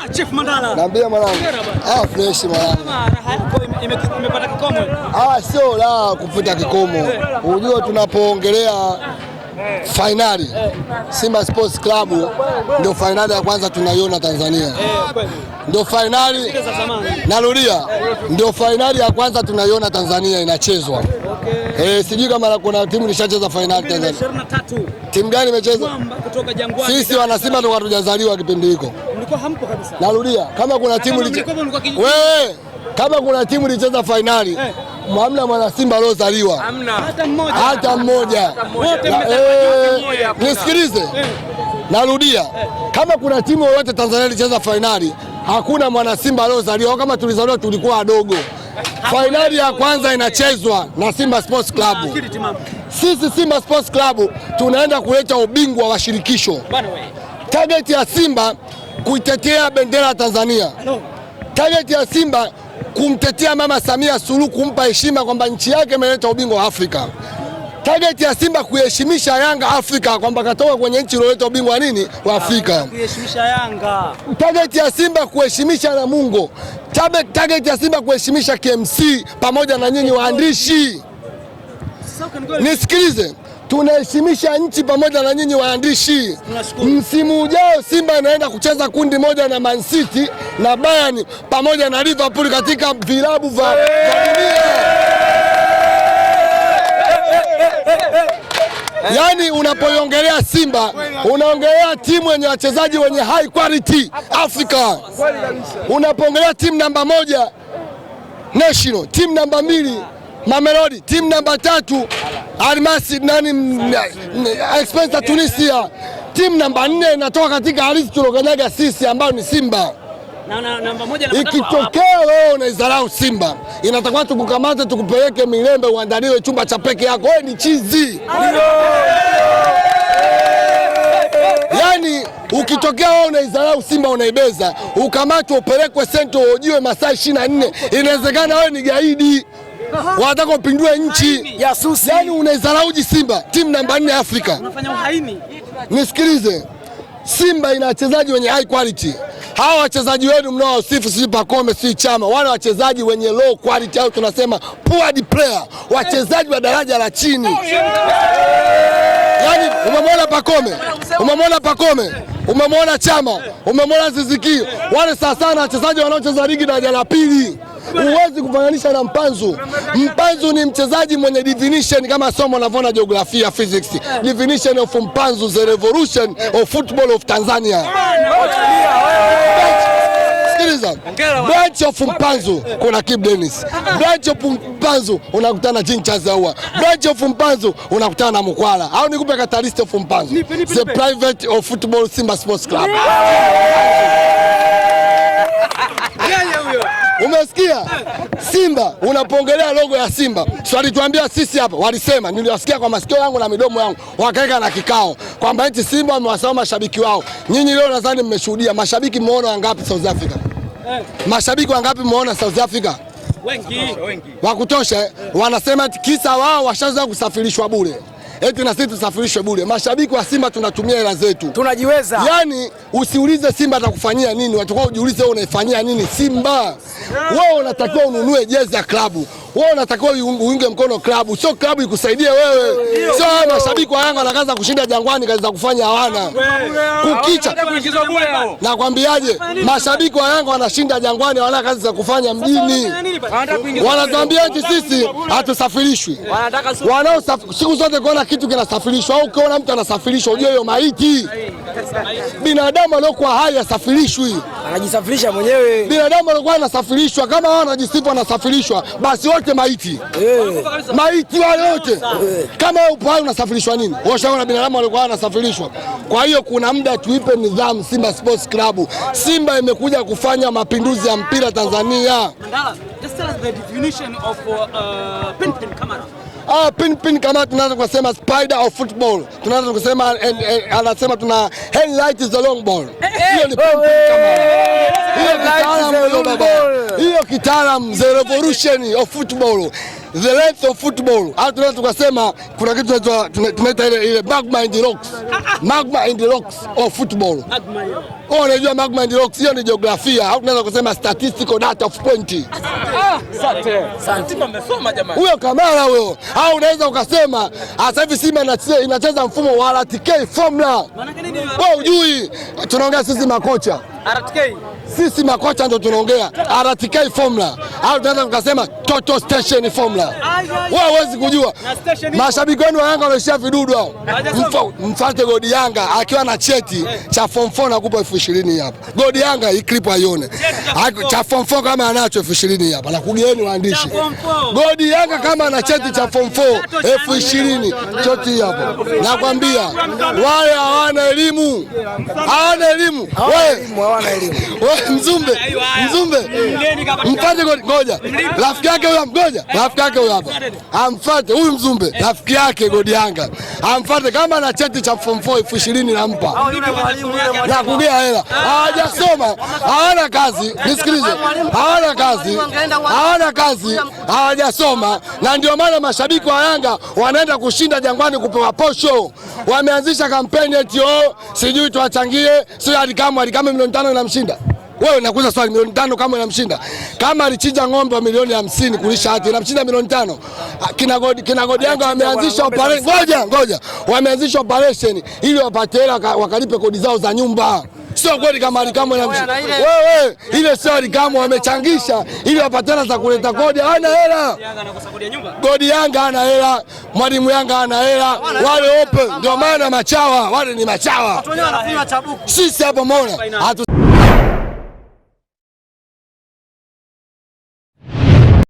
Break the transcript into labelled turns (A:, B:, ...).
A: Ah, Chief Mandala.
B: Naambia mwanangu. Ah, fresh mwanangu. Raha yako imepata kikomo. Ah, sio la kupita kikomo. Unajua tunapoongelea fainali Simba Sports Club ndio fainali ya kwanza tunaiona Tanzania, eh, ndio fainali, narudia, ndio fainali ya kwanza tunaiona Tanzania inachezwa. Eh, sijui kama kuna timu ilishacheza fainali Tanzania. Timu gani imecheza? Sisi wanasimba tukatujazaliwa kipindi hiko hampo kabisa. Narudia, kama kuna timu wewe, kama kuna timu ilicheza fainali hey. Eh. Hamna mwana Simba aliozaliwa hata mmoja. Eh, nisikilize, eh. narudia, kama kuna timu yoyote Tanzania ilicheza fainali, hakuna mwana Simba aliozaliwa. Kama tulizaliwa tulikuwa wadogo. Fainali ya kwanza inachezwa na Simba Sports Club. Ah, Sisi Simba Sports Club tunaenda kuleta ubingwa wa shirikisho. Target ya Simba kuitetea bendera ya Tanzania, target ya Simba kumtetea Mama Samia Suluhu, kumpa heshima kwamba nchi yake imeleta ubingwa wa Afrika. Target ya Simba kuheshimisha Yanga Afrika, kwamba katoka kwenye nchi iliyoleta ubingwa nini wa Afrika. Ah,
A: kuheshimisha Yanga.
B: Target ya Simba kuheshimisha Namungo. Target ya Simba kuheshimisha KMC pamoja na nyinyi waandishi. Nisikilize tunaheshimisha nchi pamoja na nyinyi waandishi. Msimu ujao Simba anaenda kucheza kundi moja na Man City na Bayern pamoja na Liverpool katika vilabu vya dunia. Yaani, unapoiongelea Simba unaongelea timu yenye wachezaji wenye high quality Afrika. Unapoongelea timu namba moja National, timu namba mbili Mamelodi, timu namba tatu Almasi nani eh, expense ya Tunisia, timu namba nne inatoka katika ardhi tulokanyaga sisi ambayo ni Simba. Ikitokea wewe unaidharau Simba, inatakiwa tukukamate, tukupeleke Milembe, uandaliwe chumba cha peke yako. Wewe ni chizi. Yaani, ukitokea wewe unaidharau Simba, unaibeza, ukamatwe, upelekwe sento, ujue masaa 24. Inawezekana wewe ni gaidi wanataka wapindue nchi susi. Yani unaizarauji Simba, timu namba nne Afrika. Nisikilize, Simba ina wachezaji wenye high quality. Hawa wachezaji wenu mnaowasifu, si Pakome si Chama, wale wachezaji wenye low quality au tunasema poor player, wachezaji wa daraja la chini. Yani umemwona Pakome, umemwona Pakome, umemwona Chama, umemwona Ziziki, wale sawa sana wachezaji wanaocheza ligi daraja la pili huwezi kufananisha na Mpanzu. Mpanzu ni mchezaji mwenye definition kama somo unavyoona jiografia, physics. Definition of Mpanzu the revolution of football of Tanzania. branch of Mpanzu kuna Kip Dennis, branch of Mpanzu unakutana na Jincha Zaua, branch of Mpanzu unakutana na Mkwala, au nikupe katalist of Mpanzu, the private of football Simba Sports Club. Umesikia Simba unapongelea logo ya Simba, tuambia sisi hapa, walisema niliwasikia kwa masikio yangu na midomo yangu, wakaweka na kikao kwamba eti Simba wamewasahau mashabiki wao. Nyinyi leo nadhani mmeshuhudia mashabiki, mmeona wangapi South Africa? Mashabiki wangapi mmeona South Africa? Wengi wa kutosha. Eh? Wanasema kisa wao washaanza kusafirishwa bure eti na sisi tusafirishwe bure. Mashabiki wa Simba tunatumia hela zetu,
A: tunajiweza.
B: Yani usiulize Simba atakufanyia nini, watakuwa ujiulize wewe unaifanyia nini Simba. Wewe unatakiwa ununue jezi ya klabu wewe unatakiwa uunge mkono klabu, sio klabu ikusaidie wewe. Sio mashabiki wa Yanga wanakaza kushinda Jangwani, kazi za kufanya hawana kukicha. Nakwambiaje, mashabiki wa Yanga wanashinda Jangwani, wana kazi za kufanya mjini. Wanatuambiaje sisi hatusafirishwi? Wanao siku zote kuona kitu kinasafirishwa au ukiona mtu anasafirishwa ujue hiyo maiti. Binadamu aliokuwa hai asafirishwi
A: anajisafirisha mwenyewe.
B: Binadamu anakuwa anasafirishwa, kama wao anajisifu anasafirishwa, basi wote maiti hey. Eh. maiti wale wote hey. Eh. kama wewe upo hai unasafirishwa nini? Washaona binadamu alikuwa anasafirishwa. Kwa hiyo kuna muda tuipe nidhamu Simba Sports Club. Simba imekuja kufanya mapinduzi ya mpira Tanzania. Mandala,
A: just tell us the definition of uh, uh pin pin camera
B: ah, pin pin, kama tunaanza kusema spider of football, Tunaanza kusema eh, eh, anasema tuna headlight is the long ball. Hiyo ni pin pin, kama hiyo kitaalam, the revolution of football the length of football Hata tunaanza kusema kuna kitu tunaita ile magma in the rocks, ah, ah. magma in the rocks of football. Wewe unajua Magmand Rock sio ni jiografia au tunaweza kusema statistical data of point. Asante. Asante. Mmesoma jamani. Huyo Kamara huyo. Au unaweza ukasema sasa hivi Simba inacheza mfumo wa RTK formula. Wewe hujui tunaongea sisi makocha. RTK. Sisi makocha ndio tunaongea RTK formula au tunaweza tukasema Toto Station formula. Wewe huwezi kujua. Mashabiki wenu wa Yanga wameshia vidudu hao. Mfate godi Yanga akiwa na cheti cha form 4 nakupa elfu ishirini hapa. Godi Yanga iklipo aione. Cha form 4 kama anacho elfu ishirini hapa. Na kugeni waandishi. Godi Yanga kama ana cheti cha form 4 elfu ishirini choti hapo. Nakwambia wale hawana elimu. Hawana elimu. Hawana elimu. Wewe Mzumbe, Mzumbe. Mfate ngoja. Rafiki yake huyo mgoja. Rafiki yake huyo hapa. Amfate huyu Mzumbe. Rafiki yake Godi Yanga. Amfate kama ana cheti cha form 4 elfu ishirini nampa. Na kugea hela, hawajasoma, hawana kazi. Nisikilize, hawana kazi, hawana kazi, hawajasoma, na ndio maana mashabiki wa Yanga wanaenda kushinda Jangwani kupewa posho. Wameanzisha kampeni eti oh, sijui tuwachangie, sio alikamwe, alikamwe milioni tano inamshinda wewe unakuza swali milioni tano kama inamshinda, kama alichinja ng'ombe wa milioni hamsini kulisha hati inamshinda milioni tano. Kina Godi, kina Godi Yanga wameanzisha operation, ngoja ngoja, wameanzisha operation ili wapate hela wakalipe kodi zao za nyumba. Sio kweli kama Alikamwe na wewe, ile sio Alikamwe, wamechangisha ili wapatana za kuleta kodi. Ana hela godi, Yanga ana hela, mwalimu Yanga ana hela, wale ope, ndio maana machawa wale ni machawa. Sisi hapo mbona?